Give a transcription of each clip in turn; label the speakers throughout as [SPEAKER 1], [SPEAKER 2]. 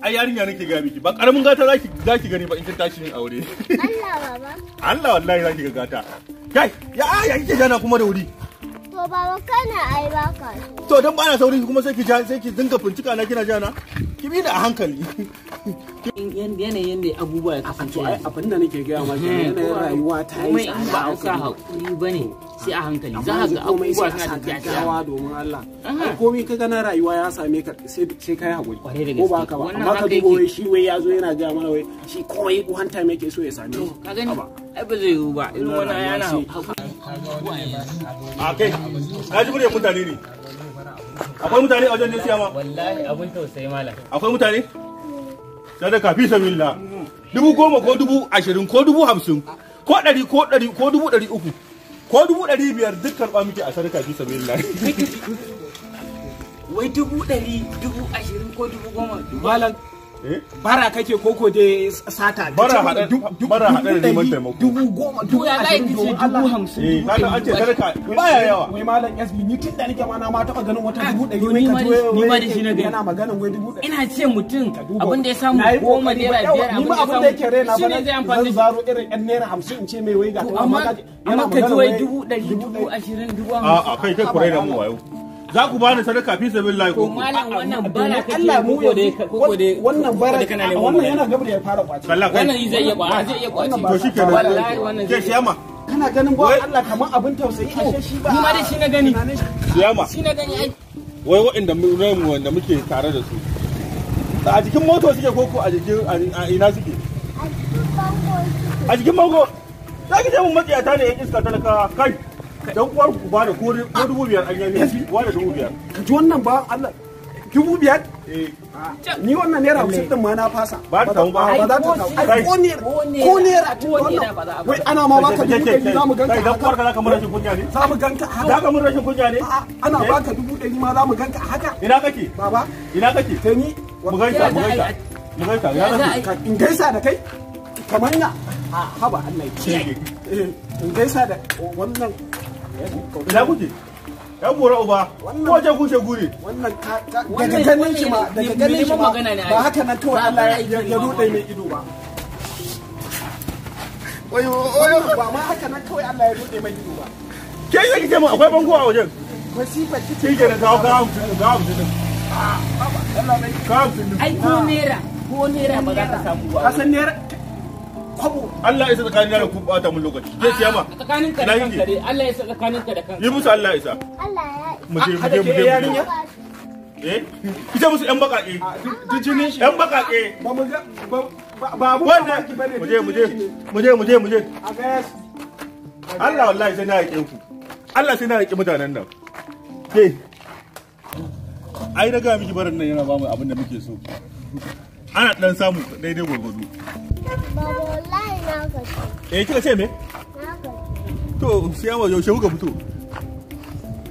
[SPEAKER 1] ai yarinya nake ga ki ba karamin gata zaki zaki gani ba in kin tashi yin aure
[SPEAKER 2] Allah baba
[SPEAKER 1] Allah wallahi zaki ga gata kai ya ya kike jana kuma da wuri
[SPEAKER 2] To baba kana ai baka.
[SPEAKER 1] To dan bana saurin kuma sai ki ja sai ki dinga bincika na kina jana. Ki bi da a hankali.
[SPEAKER 3] Yanayin da abubuwa ya kasance. a abin da nake gaya ma eh, yanayin rayuwa ta yi tsada. Ba a sa
[SPEAKER 2] hakuri ne sai a hankali. Za ka ga abubuwa suna tafiya ta domin Allah.
[SPEAKER 3] Komai ka gana rayuwa ya same ka sai ka yi hakuri. Ko ba ka ba. Amma ka dubo shi wai ya zo yana gaya mana wai shi kawai hanta mai ke so ya same shi.
[SPEAKER 2] Ka gani?
[SPEAKER 1] Ai ba zai yiwu ba. Irin wannan yana hakuri. a kai ji muryar mutane ne akwai mutane a wajen ne siya ma wallahi abin tausayi malam akwai mutane sadaka fi sabilillah dubu goma ko dubu ashirin ko dubu hamsin ko ɗari ko ɗari ko dubu ɗari uku ko dubu ɗari biyar duk karɓa muke a sadaka fi sabilillah
[SPEAKER 3] wai dubu ɗari dubu ashirin ko dubu goma malam Eh? bara kake koko da sata bara hada bara hada neman taimako dubu goma dubu ya zai kice dubu hamsin eh, kaga an ce sadaka baya yawa wai malam SB ni tun da nake ma na ma taba ganin wata ah, dubu ɗari wai ka ni ma da shi na gani yana maganan wai dubu ɗari ina ce
[SPEAKER 1] mutum abin da ya samu goma naira biyar abin da yake rena ba ne zan zaro irin yan naira
[SPEAKER 3] hamsin in ce mai wai ga amma amma ka ji wai dubu ɗari dubu ashirin dubu hamsin a kai kai kurai da mu
[SPEAKER 1] wayo za ku bani sadaka fi sabilillahi ko
[SPEAKER 2] malam wannan bara
[SPEAKER 3] Allah mu ko dai
[SPEAKER 1] ko dai wannan bara wannan yana gaba da ya fara kwaci wannan zai iya kwaci zai iya kwaci to shikenan
[SPEAKER 3] wallahi wannan zai shiyama kana ganin ba Allah kamar abin tausayi ashe shi ba kuma dai shi
[SPEAKER 2] na gani
[SPEAKER 1] shiyama shi na gani ai wai waɗanda mu wanda muke tare da su a jikin moto suke ko ko a jikin ina suke a
[SPEAKER 2] jikin
[SPEAKER 1] a jikin bango za ki je mun matsiyata ne yan iska talakawa kai dan uwar ku ba da ko dubu biyar an yi shi ba da dubu biyar ka ji wannan ba Allah dubu biyar eh. ni wannan naira hamsin din ma na fasa ba ta ba ba za ta kawo ko naira
[SPEAKER 2] ko naira wannan wai ana ma baka dubu ɗari za mu
[SPEAKER 1] ganka dan uwar ka zaka mun rashin kunya ne za mu ganka haka zaka mun rashin kunya ne ana eh. baka dubu ɗari ma za mu ganka haka ina kake baba ina kake sai ni mu gaisa mu gaisa mu
[SPEAKER 3] gaisa ina kake in gaisa da kai kamar ya haba
[SPEAKER 1] Allah ya kiyaye eh, in gaisa da wannan ina yan uba ko je kuke gure wannan
[SPEAKER 3] daga ganin shi ma daga ganin shi ma ba haka nan kawai Allah ya mai ido ba oyo oyo ba ma haka nan kawai Allah ya mai ido ba
[SPEAKER 1] ke yi kike mu akwai bango a wajen wasifa kike kike da kawo kawo kawo
[SPEAKER 3] kawo ai ko nera ko nera ba za ta samu ba kasan nera kwabo
[SPEAKER 1] Allah ya sa tsakanin da ku bata mun lokaci ke kiyama tsakanin ka da kanka dai Allah ya sa tsakanin ka da kanka yi musu Allah ya sa
[SPEAKER 3] Allah
[SPEAKER 2] ya
[SPEAKER 1] mu je mu je mu je eh ita musu yan bakake dijinin shi yan bakake ba mu ga ba abu ba ki bane mu je mu je mu je mu je mu je Allah wallahi sai na yake ku Allah sai na yake mutanen nan ke ai daga miki barin nan yana ba mu abin da muke so ana dan samu daidai gwargwado eh kika ce me na to sai wa yaushe kuka fito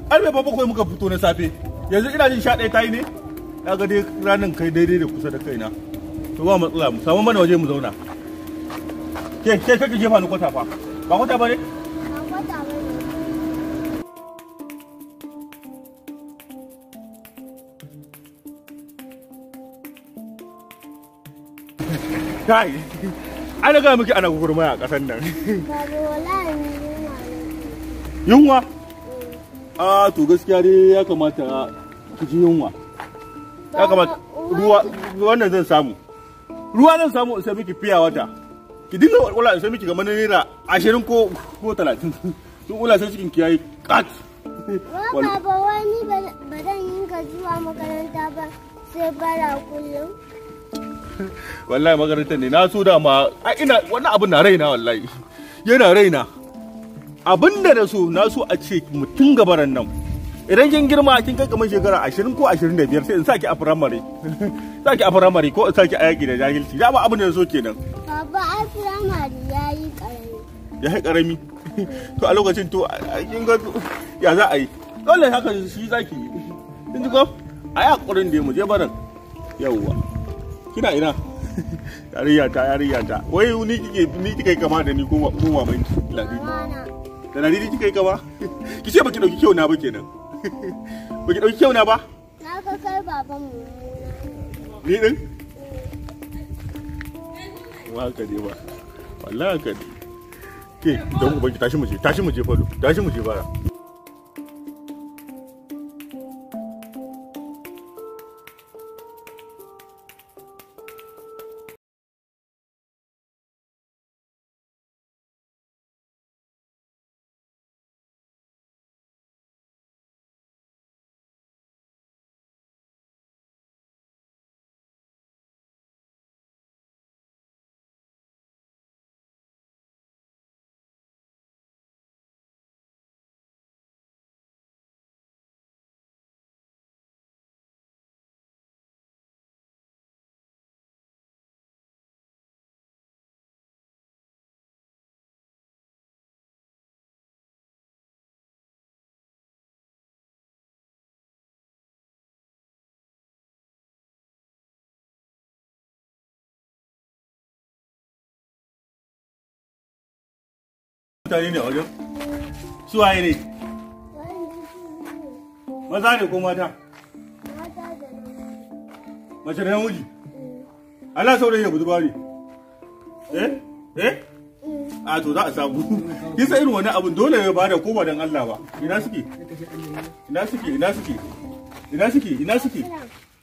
[SPEAKER 1] arbe babu kai muka fito na safe yanzu ina jin sha ɗaya tayi ne na ga dai ranar kai daidai da kusa da kaina to ba matsala mu samu mana waje mu zauna ke ke kake jefa ni kwata fa ba kwata ba ne kai ana gaya miki ana gurmaya a ƙasar nan yunwa mm. a to gaskiya dai ya kamata ki ji yunwa
[SPEAKER 2] ya kamata ruwa
[SPEAKER 1] wannan zan samu ruwa zan samu sai miki fiya wata ki dinga walwala sai miki kamar naira ashirin ko ko talatin sun wula sai cikin ki yayi kat
[SPEAKER 2] ba wani ba zan yi ka zuwa makaranta ba sai bara kullum
[SPEAKER 1] wallahi makarantar ne na so da ma ina wannan abin na raina wallahi yana raina abin da na so na so a ce mutum gabaran nan idan kin girma kin kai kamar shekara 20 ko 25 sai in saki a primary saki a primary ko in saki a yaki da jahilci da ba abin da na so kenan
[SPEAKER 2] baba a primary yayi karami
[SPEAKER 1] yayi karami to a lokacin to kin ga ya za a yi dole haka shi zaki yi kin ji ko a yi hakurin da mu je baran yawwa kina ina tarayya ta yariya ta wai ni kike ni kike kama da ni ko ko maman ki ladi da ladi kike kama ki ce baki dauki kyau na ba kenan baki dauki kyau na ba
[SPEAKER 2] na ka kai baban mu
[SPEAKER 1] ni din wa ka dai ba wallahi ka dai ke don baki tashi mu je tashi mu je falo tashi mu je bara mutane ne a wajen su waye ne maza ne ko mata mace da namiji Allah saurayi da budurwa eh eh a to za a samu kisa irin wani abin dole ya bada ko ba dan Allah ba ina suke ina suke ina suke ina suke ina suke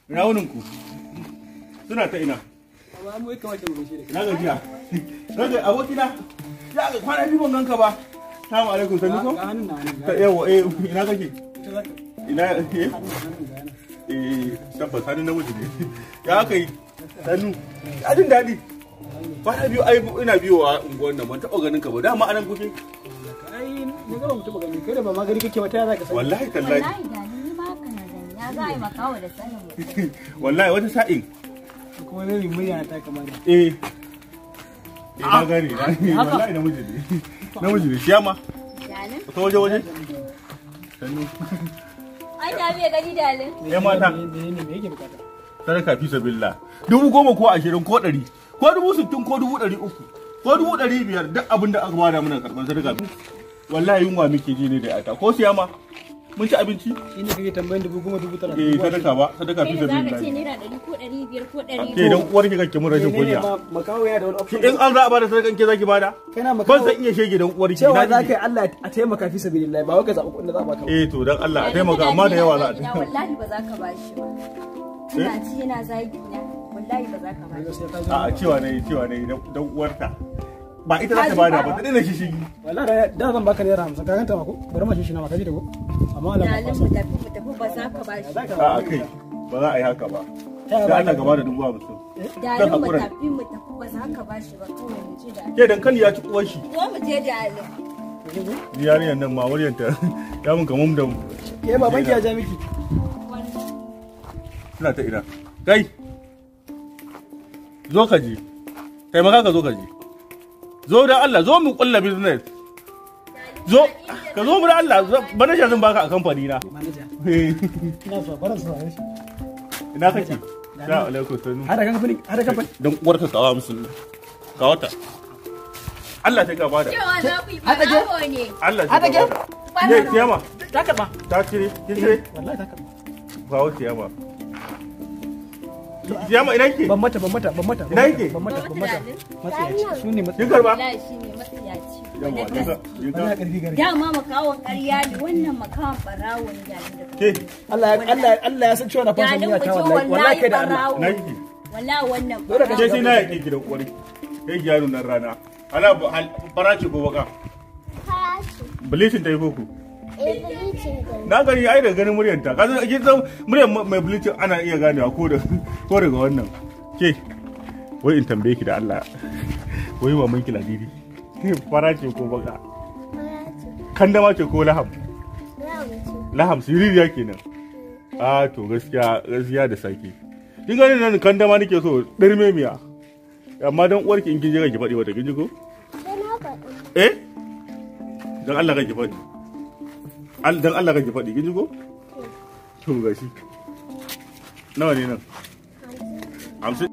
[SPEAKER 1] ina suna ta ina gajiya Ya ga kwana biyu ban ganka ba. alaikum sanu ko? Ta yawa eh ina kake? Ina eh eh tabbas hannun namiji ne. Ya kai sanu. Ya jin daɗi. Kwana biyu ai ina a' unguwar nan ban taɓa ganin ka ba. Dama anan ga mutum ga kai da ba kake ba ta za ka sani. Wallahi tallahi. Wallahi yi wata sa'in.
[SPEAKER 3] Kuma ne ta kamar.
[SPEAKER 1] Eh Eh, na gane na wallahi namiji ne namiji ne shi ma akwai waje waje sannu
[SPEAKER 2] ai da bai gani dalin eh
[SPEAKER 1] mata menene me yake bukata fi sabilla dubu goma ko ashirin ko ɗari ko dubu sittin ko dubu ɗari uku ko dubu ɗari biyar duk abin da aka bada muna karɓar sadaka wallahi yunwa muke ji ne da ata ko siya ma mun ci abinci shi ne kake tambayin dubu goma dubu tara eh sadaka ba sadaka fi ne za ka ne
[SPEAKER 2] da ɗari ko ɗari biyar ko ɗari
[SPEAKER 3] ke dan
[SPEAKER 1] uwar ki kake mun rashin kuliya
[SPEAKER 3] makawo ya da wani
[SPEAKER 1] option in an za a bada sadakan ke zaki bada kana makawo ban san iya shege dan uwar ki cewa zaka yi
[SPEAKER 3] Allah a taimaka fi lillahi ba wai ka zaɓi kuɗin da za a baka
[SPEAKER 1] eh to dan Allah a taimaka amma da yawa za a taimaka wallahi
[SPEAKER 2] ba za ka ba shi ba kana eh? ci yana zagi na wallahi ba za ka ba
[SPEAKER 1] shi a cewa ne cewa ne dan uwarta ba ita za ta bada ba ta dina
[SPEAKER 3] shi shigi wallahi da zan baka naira 50 ka ganta ba ko bari ma shi na maka ji da ko amma Allah ya
[SPEAKER 2] lamu tafi mu tafi ba za ka bashi a akai
[SPEAKER 1] ba za a yi haka ba da Allah gaba da dubu 50 da
[SPEAKER 2] eh? mu tafi mu tafi ba za ka bashi ba kawai mu ji da
[SPEAKER 1] ke dankali ya ci uwar shi
[SPEAKER 2] ko mu je da Allah
[SPEAKER 1] yarinyar nan ma muryanta ya mun kamar da mu ke baban ki ya ja miki suna ta ina kai zo ka ji kai maka ka zo ka ji zo da Allah zo mu kulla business zo ka zo mu da Allah manager zan baka a kamfani na manaja ina so bara ina kake da alaikum sanu hada kamfani hada kamfani dan uwar ka kawo musu ka wata Allah ta gaba da
[SPEAKER 2] hada ke Allah ta gaba ne kiyama ta karba
[SPEAKER 1] ta kire kire wallahi ta karba ba wuce ba ma ina yake? Ban mata ban mata ban mata. Ina yake? Ban mata ban mata. Matsayaci. Su ne matsayaci. Kin karba? Wallahi
[SPEAKER 2] shi ne matsayaci. Yawa,
[SPEAKER 3] karfi gari. Dama
[SPEAKER 2] makawan ƙarya ne wannan makawan barawon jalin da.
[SPEAKER 1] Ke.
[SPEAKER 3] Allah Allah Allah ya san cewa na
[SPEAKER 2] fasa miya ta wallahi. Wallahi kai da Allah. Ina yake? Wallahi wannan. Dole ka ce na yake
[SPEAKER 1] gidan kwari. Kai gyaro nan rana. Ala bara ce gobe ka. Farashi. Bilishin ta yi
[SPEAKER 2] Eh, na gani
[SPEAKER 1] ai da ganin muryanta kasu kasan kin san muryan mai bleaching ana iya ganewa ko da ko daga wannan ke wai in tambaye ki da Allah wai mun ki ladidi fara ce ko baka kandama ce ko laham laham siririya kenan a to gaskiya gaskiya da sake kin gani nan kandama nake so dirme miya amma dan uwarki in kin je ki faɗi wata kin ji ko eh, eh? dan Allah kan ki faɗi dan Allah kake faɗi kin ji ko to gashi nawa ne nan hamsin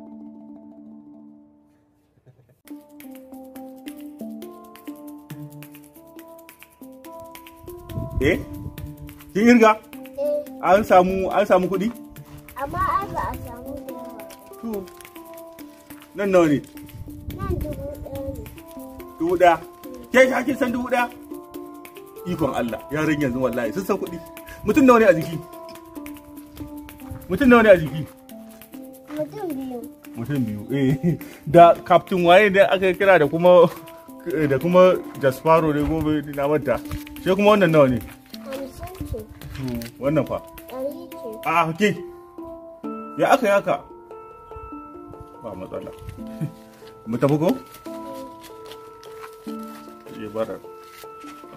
[SPEAKER 1] eh kin irga eh. an samu an samu kuɗi
[SPEAKER 2] amma an ba a samu da
[SPEAKER 1] to nan nawa ne nan dubu ɗaya ne dubu ɗaya ke kin san dubu ɗaya ikon Allah yaron yanzu wallahi sun san kuɗi mutum nawa ne a jiki mutum nawa ne a jiki
[SPEAKER 2] mutum biyu
[SPEAKER 1] mutum biyu eh da captain waye ne aka kira da kuma da kuma jasparo ne gobe na manta sai kuma wannan nawa ne wannan fa a ke ya aka ya aka ba matsala mu tafi ko?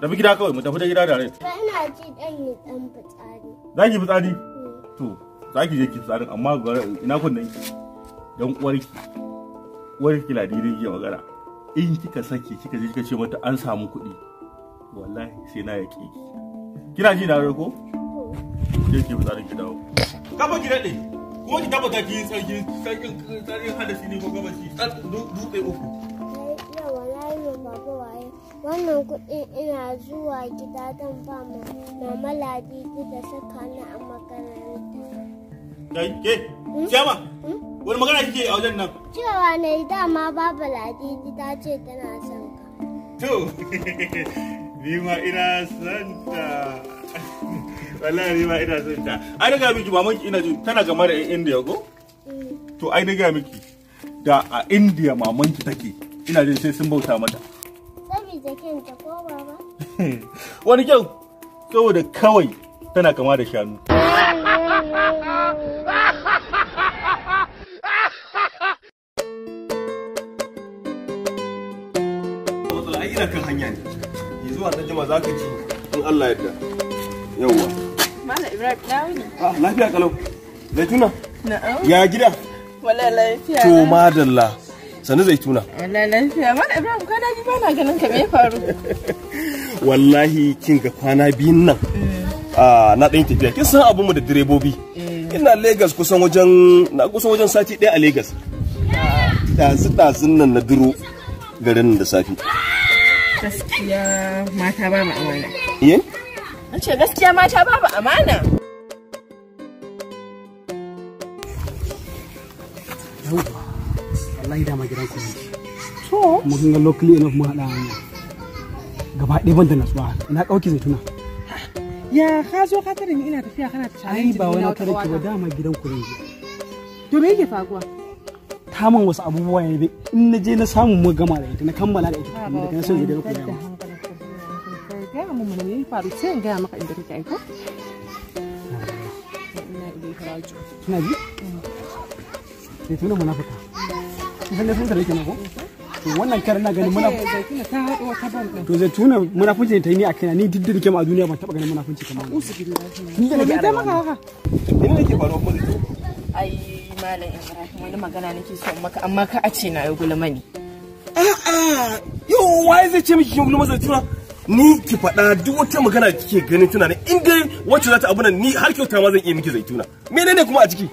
[SPEAKER 1] Tafi gida kawai mu tafi da gida dare.
[SPEAKER 2] Ba ina ji dan yi dan fitsari. Za ki fitsari? Mm.
[SPEAKER 1] To, za ki je ki fitsarin amma ina kunnen ki. Dan uwarki. Uwarki ladiri ya magana. In kika sake kika je kika ce mata an samu kuɗi. Wallahi sai na yaƙe ki. Kina ji na ko? Je ki fitsarin ki dawo. Kafa ki daɗe. Kuma ki tabbata ki yi tsarki tsarkin hadasi ne ko gabashi dutse uku.
[SPEAKER 2] wannan kudin ina zuwa gida don ba mu mama ladidi da saka ni a makaranta
[SPEAKER 1] kai ke siyama hmm? wani magana kike a wajen nan
[SPEAKER 2] cewa ne dama babu ladidi ta ce tana son ka
[SPEAKER 1] to ni ma ina son ta wallahi ni ma ina son ta ai daga miki maman ina ji tana game da indiya ko hmm. to ai daga miki da a indiya mamanki take ina jin sai sun bauta mata
[SPEAKER 2] cije kenta ko baba?
[SPEAKER 1] Wani kyau saboda kawai tana kama da shanu. ina kan hanya ya zuwa za ka ci in Allah yadda yawwa
[SPEAKER 2] Mala Ibrahim na wuni
[SPEAKER 1] ah lafiya kalau zaituna na'am ya gida
[SPEAKER 2] wala lafiya to
[SPEAKER 1] madalla sani zaituna
[SPEAKER 2] wallahi mana ibrahim ganin faru
[SPEAKER 1] wallahi kin ga kwana biyun nan mm. ah, na ɗan tafiya kin san abin mu da direbobi mm. ina lagos kusan wajen na kusan wajen sati ɗaya a lagos tazi tazin nan na duro garin da safi
[SPEAKER 2] gaskiya mata ba mu amana eh ce gaskiya mata ba mu amana
[SPEAKER 3] wallahi dama gidan ku ne to mu ga locally enough mu hada gaba ɗaya da nasuwa ina kauki zaituna
[SPEAKER 1] ya ka zo ka tare ni ina tafiya kana tare ba wani ki ba
[SPEAKER 3] dama gidan ku ne to me yake wasu abubuwa ne in na je na samu mu gama da ita na kammala da ita da kana son zai da ku dama. ga mu mun ne faru sai maka inda kake ina ji
[SPEAKER 2] mm.
[SPEAKER 3] tuna kusan na sansare kenan ko wannan karin na ganin muna to zai tuna munafunci ta ni a ni duk da a duniya ban taba ganin munafunci kamar
[SPEAKER 2] ni da nake ta maka haka ni ne nake faruwa kuma ai malam Ibrahim wani magana nake so maka amma ka a ce na yi gulma ne a'a yo wai zai ce miki
[SPEAKER 1] gulma zai tuna ni ki faɗa duk wata magana kike ganin tuna in dai wacce za ta abu nan ni har kyauta ma zan iya miki zaituna
[SPEAKER 2] menene kuma a ciki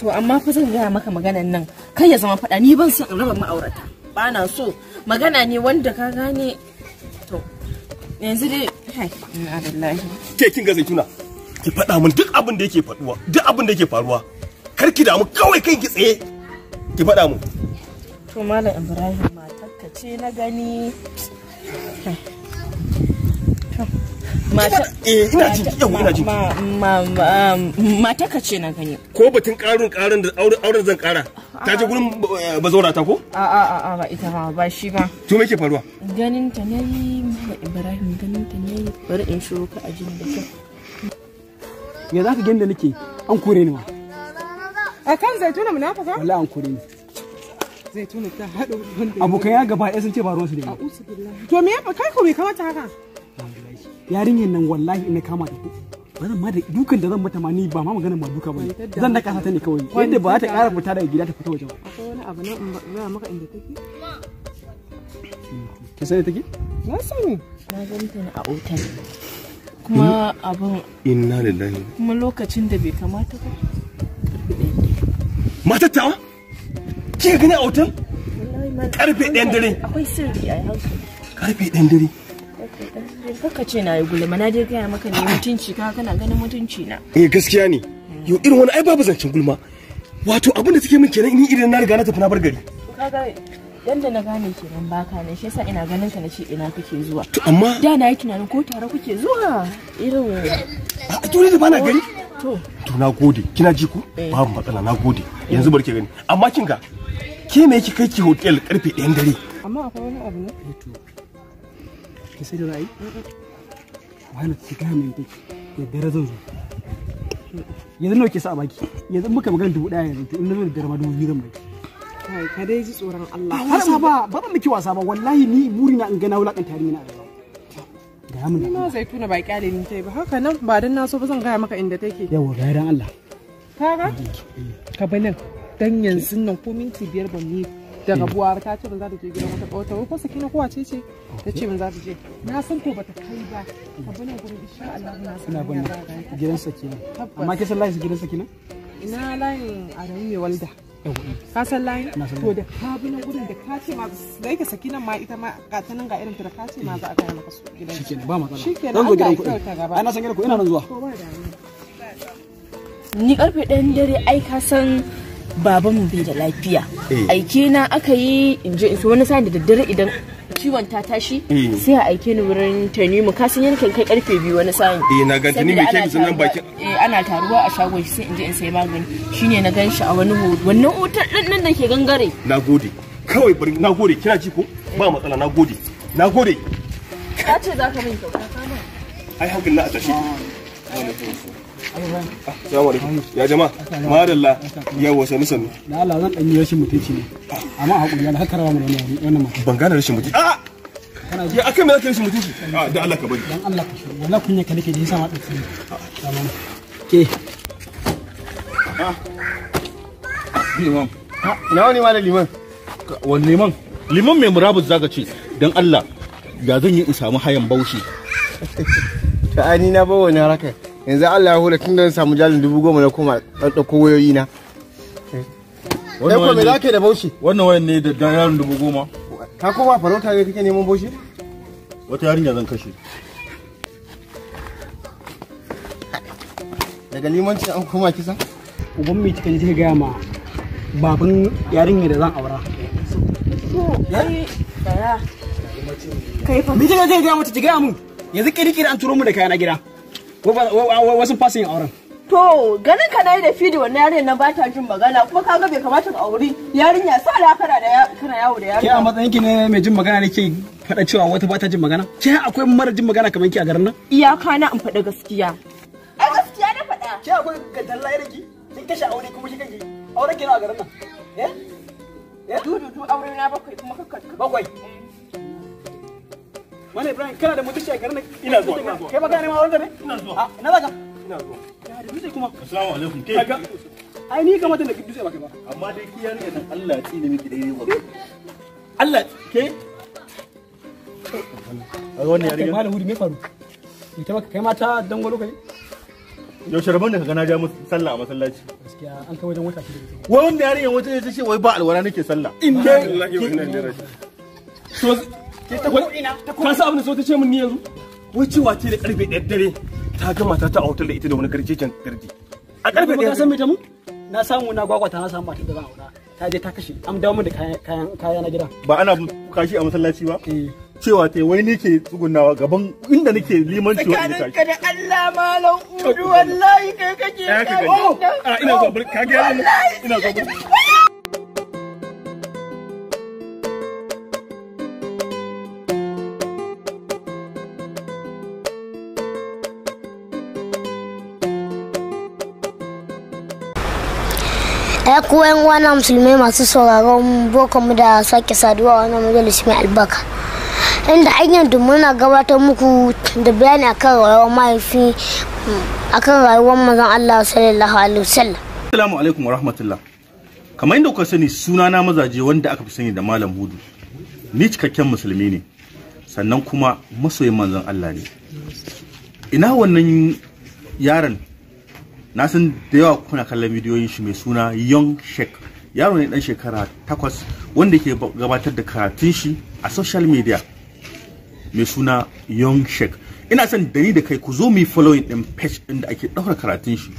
[SPEAKER 2] to amma fa zan gaya maka maganan nan kai ya zama faɗa ni ban son in raba ma'aurata ba na so magana ne wanda ka gane to yanzu dai ina da lahi
[SPEAKER 1] ke kin ga zaituna ki faɗa min duk abin da yake faɗuwa duk abin da yake faruwa kar ki damu kawai kai ki tsaye ki faɗa mu.
[SPEAKER 2] to malam ibrahim matarka ce na gani Eh, mata um, ka ce na gani ko
[SPEAKER 1] batun karun karun da auren zan kara ta je gurin eh, bazaura ta ko
[SPEAKER 2] a a a ba ita ba ba shi ba to me ke faruwa ganin ta nayi mala ibrahim ganin ta nayi bari in shiro ka a jin da kyau
[SPEAKER 3] ya zaka ganda nake an kore ni ma
[SPEAKER 2] a kan zaituna munafaka wallahi
[SPEAKER 3] an kore ni zaituna ta hada abokan ya gaba ɗaya sun ce ba ruwan su da ni to me ya kai ko bai kamata haka yarinyar nan wallahi ina kama ita ba zan ma da dukan da zan mata ma ni ba ma magana ma duka ba zan daka ta ne kawai yadda ba za ta ƙara fita daga gida ta
[SPEAKER 2] fita waje ba akwai wani abu na ba maka inda take ki sani take na sani na ganta ne a otal hmm? kuma abin inna lillahi kuma lokacin da bai kamata ba
[SPEAKER 1] matar tawa ki gani a otal
[SPEAKER 2] karfe ɗayan dare akwai sirri a hankali
[SPEAKER 3] karfe ɗayan dare
[SPEAKER 2] Kaka ce na yi gulma na dai gaya maka ne mutunci ka kana ganin mutunci na.
[SPEAKER 3] Eh gaskiya ne. Yo irin wani ai babu zancen gulma. Wato abin da take min kenan ni idan na riga na tafi na bar gari.
[SPEAKER 2] Kaga yadda na gane kenan baka ne shi yasa ina ganin ka na ce ina kake zuwa. To amma da na yi tunanin ko tare kuke zuwa irin A to da bana gari. To
[SPEAKER 1] to na gode kina ji ku eh. babu matsala na gode yanzu barke gani amma kin ga ke me kike kai ki hotel karfe 1 dare.
[SPEAKER 3] Amma akwai wani abu ne? Eh, ki sani ra'ayi da dare zan zo yanzu nawa ke sa muka magana dubu daya yanzu in na zo da dare ma dubu biyu zan baki kai Allah ba wasa ba ba wasa ba wallahi ni buri na in ga na wulakanta yarinya na rayuwa ga mun na ni gaya inda take yawa ga Allah ka ga ka banin dan minti biyar ban da rabuwa ta ce ban za ta je gidan wata ƙawata ko saki na kowa ce ce ta ce ban za ta je na san ko bata kai ba ka bane gurin insha Allah na san ina bane gidan ne amma ke san layin gidan saki ne ina layin rayu mai walda ka san layin to da ka bi nan gurin da ka ce ma da yake nan ma ita ma ga ta nan ga irin ta ka ce ma za a kai maka su
[SPEAKER 2] gidan shi kenan ba matsala shikenan zo gidan kuɗi ana san gidan ku ina nan zuwa ni karfe ɗayan dare ai ka san Baban mu bai da lafiya eh. aike na aka yi in je wani sa da daddare idan ciwon ta tashi eh. sai a aike ni wurin tanimu ka san yankin kai karfe biyu wani sa eh na ga tanimu ke musu nan bakin eh ana taruwa a shagon shi sai inje in sai magani shine na gan shi a wani hoto wannan hoton din nan da ke gangare
[SPEAKER 1] nagode kawai bari nagode kina ji ko ba matsala nagode nagode
[SPEAKER 2] ka ce za ka min kyauta ka ba
[SPEAKER 1] ai hakan na a tashi ah, ya wari ya jama madalla ya wasa ni sannu da Allah zan
[SPEAKER 3] dan yi rashin mutunci ne amma a hakuri Allah haka rawa mu wani mutunci ban gane rashin mutunci ah!
[SPEAKER 1] a ya akan me zaka rashin mutunci a ah, da Allah ka bari dan
[SPEAKER 3] Allah ka shi wallahi kunya ka nake da yasa ma dace
[SPEAKER 1] tamam ke ah. liman nawa ne wani malam liman wani liman liman mai murabus zaka ce dan Allah ya zan yi in samu hayan baushi ta ani na bawa ne haraka yanzu Allah ya hula tun da samu jalin dubu goma na koma ɗauko wayoyi na. wani wani me za da bauchi? Wannan wayan ne da jalin dubu goma. Ka koma farauta ne kake neman bauchi? Wata yarinya zan kashe.
[SPEAKER 3] Daga limanci an koma kisa? Uban mai cikin zai gaya ma baban yarinya da zan aura. Kai fa. Mijin da zai gaya mata ki gaya mun? Yanzu kiri-kiri an turo mu da kayana gida. wasu fasin auren
[SPEAKER 2] to ganin ka nayi da fidi wannan yarinyar na bata jin magana kuma kaga bai kamata ka auri yarinya sa da kana da kana yawo da yarinya ke a
[SPEAKER 3] matsayin ki ne mai jin magana nake faɗa cewa wata bata jin magana ke akwai mara jin magana kamar ki a garin nan
[SPEAKER 2] iyaka na in faɗa gaskiya a
[SPEAKER 3] gaskiya na faɗa ke akwai ga talla irin ki kin kashe aure kuma shi kanki auren ki na a garin nan eh eh dudu du aure na bakwai kuma kakka bakwai Mana Ibrahim kana da mutunci a garin nan? Ina zuwa. Kai ba ka neman auren ne? Ina zuwa. Ah, ina zaka? Ina zuwa. Ya da kuma. Assalamu alaikum. Kai Ai ni kamata na ba kai ba.
[SPEAKER 1] Amma dai ki yarinya Allah ya tsine miki dai Allah ke a wannan yarinya. Malam Hudu me faru? Ita baka kai mata dangwalo kai? yaushe rabon da ka gana ja sallah a masallaci gaskiya
[SPEAKER 3] an kai wajen wata shida
[SPEAKER 1] wai wanda yarinyar wata ce wai ba alwala nake sallah in dai ke ta abin da so ta ce min ni yanzu wai cewa ce da karfe ɗaya dare ta ga mata ta autar da ita da wani garjejen gardi
[SPEAKER 3] a karfe ɗaya ka san me ta mu na samu na gwagwata na samu da aura
[SPEAKER 1] ta je ta kashe an dawo da kayan kayan na gida ba ana kashi a masallaci ba eh. cewa te wai ni tsugunawa gaban inda nake limanci wa ina kashi
[SPEAKER 2] da Allah malam udu wallahi kai kake ka ah, ina ga ina zo ko yan uwana musulmai masu sauraron mu da sake saduwa wani majalisi mai albarka inda hanyar da muna gabatar muku da bayani akan rayuwar mahaifi akan rayuwar mazan Allah sallallahu alaihi wasallam
[SPEAKER 1] assalamu alaikum wa rahmatullah kamar yadda kuka sani sunana mazaje wanda aka fi sani da malam hudu ni cikakken musulmi ne sannan kuma masoyin manzon Allah ne ina wannan yaron na san da yawa kuna kallon bidiyoyin shi mai suna young shek yaro ne dan shekara takwas wanda ke gabatar da karatun shi a social media mai suna young shek ina son da ni da kai ku zo mu following din page din da ake daura karatun shi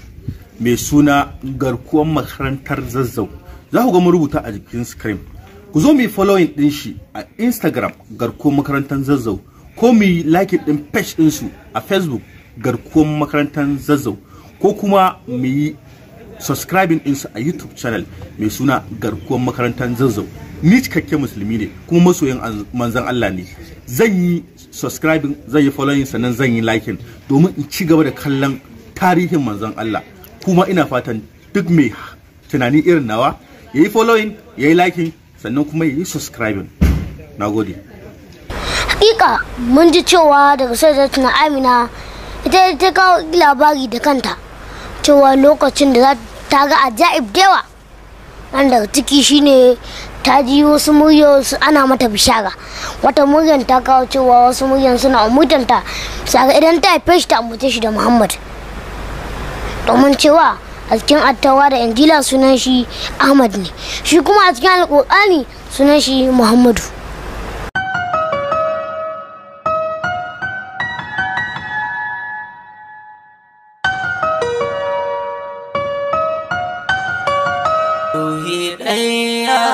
[SPEAKER 1] mai suna garkuwar makarantar zazzau za ku ga mun rubuta a jikin screen ku zo mu following din shi a instagram garkuwar makarantar zazzau ko mu like din page din su a facebook garkuwar makarantar zazzau ko kuma mu yi subscribing ɗinsu a youtube channel mai suna garkuwar makarantar zazzau ni cikakke musulmi ne kuma masoyin manzan Allah ne zan yi subscribing zan yi following sannan zan yi liking domin in ci gaba da kallon tarihin manzan Allah kuma ina fatan duk mai tunani irin nawa ya yi following ya yi liking sannan kuma ya yi subscribing na gode
[SPEAKER 2] hakika mun ji cewa daga sai amina ita ta kawo labari da kanta cewa lokacin da ta ga ajaib da yawa nan daga ciki shine ta ji wasu wasu ana mata bishara wata muryan ta kawo cewa wasu muryan suna umutanta saka idan ta haife shi ta umute shi da muhammad domin cewa a cikin attawa da injila sunan shi ahmad ne shi kuma a cikin alƙur'ani sunan shi muhammadu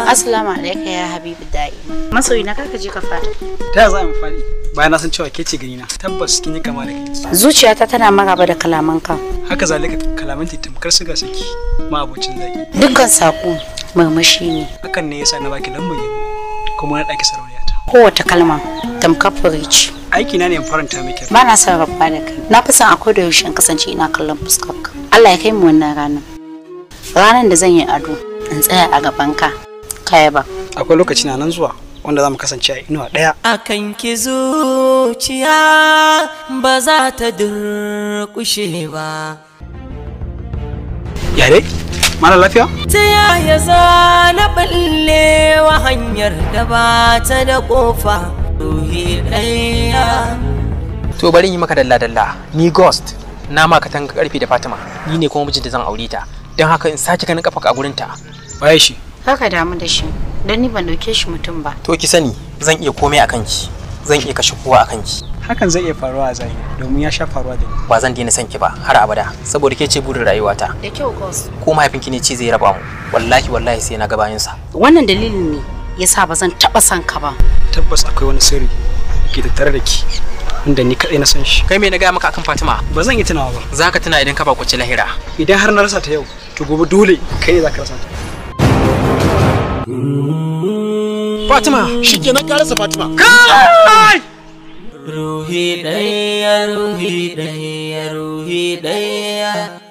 [SPEAKER 2] Assalamu alaikum ya Habibu da'i. Masoyi na kaka je ka fara.
[SPEAKER 3] Ta za mu fadi? Bayan na san cewa ke ce gani na. Tabbas kin yi kama da kai.
[SPEAKER 2] Zuciyata tana maraba da kalaman ka.
[SPEAKER 3] Haka zalika kalaman ta tamkar suga saki ma abocin zaki. Dukkan sako murmushi ne. Hakan ne yasa na baki lambar yabo kuma na daki sarauniya ta. Kowace kalma tamkar furici. Aiki na ne faranta miki. Ba na san rabba da kai. Na fi son akwai da yaushe kasance ina kallon ka. Allah ya kai mu wannan ranar. Ranar da zan yi ado in tsaya a gaban ka kaya ba akwai lokaci na nan zuwa wanda za mu kasance a inuwa ɗaya
[SPEAKER 2] akan ki zuciya ba za ta durƙushe ba
[SPEAKER 3] yare mana lafiya?
[SPEAKER 2] ta yaya za na ɓallewa hanyar da ba ta da ƙofa ruhi ɗaya
[SPEAKER 3] to bari yi maka dalla-dalla ni ghost na ma ka tanga karfi da fatima ni ne kuma mijin da zan aure ta don haka in sake ganin kafa a gurinta waye shi
[SPEAKER 2] Kaka damu da shi, don ni ban dauke shi mutum ba.
[SPEAKER 3] To ki sani, zan iya komai akan ki. Zan iya kashe kowa akan ki. Hakan zai iya faruwa a zahiri, domin ya sha faruwa da ni. Ba zan daina son ki ba, har abada, saboda ke ce burin rayuwata. Da kyau, Kos. Ko mahaifinki ne ce zai raba mu. Wallahi wallahi sai na ga sa Wannan dalilin ne yasa ba zan taba son ka ba. Tabbas akwai wani sirri ke tattare da ki. inda ni kadai na san shi. Kai me na gaya maka akan Fatima? Ba zan yi tunawa ba. Zaka tuna idan ka ba bakwaci lahira. Idan har na rasa ta yau, to gobe dole kai ne zaka rasa ta. Fatima shi ke nan karasa Fatima. Kai!
[SPEAKER 1] Ruhi daya, ruhi daya, ruhi ɗaya.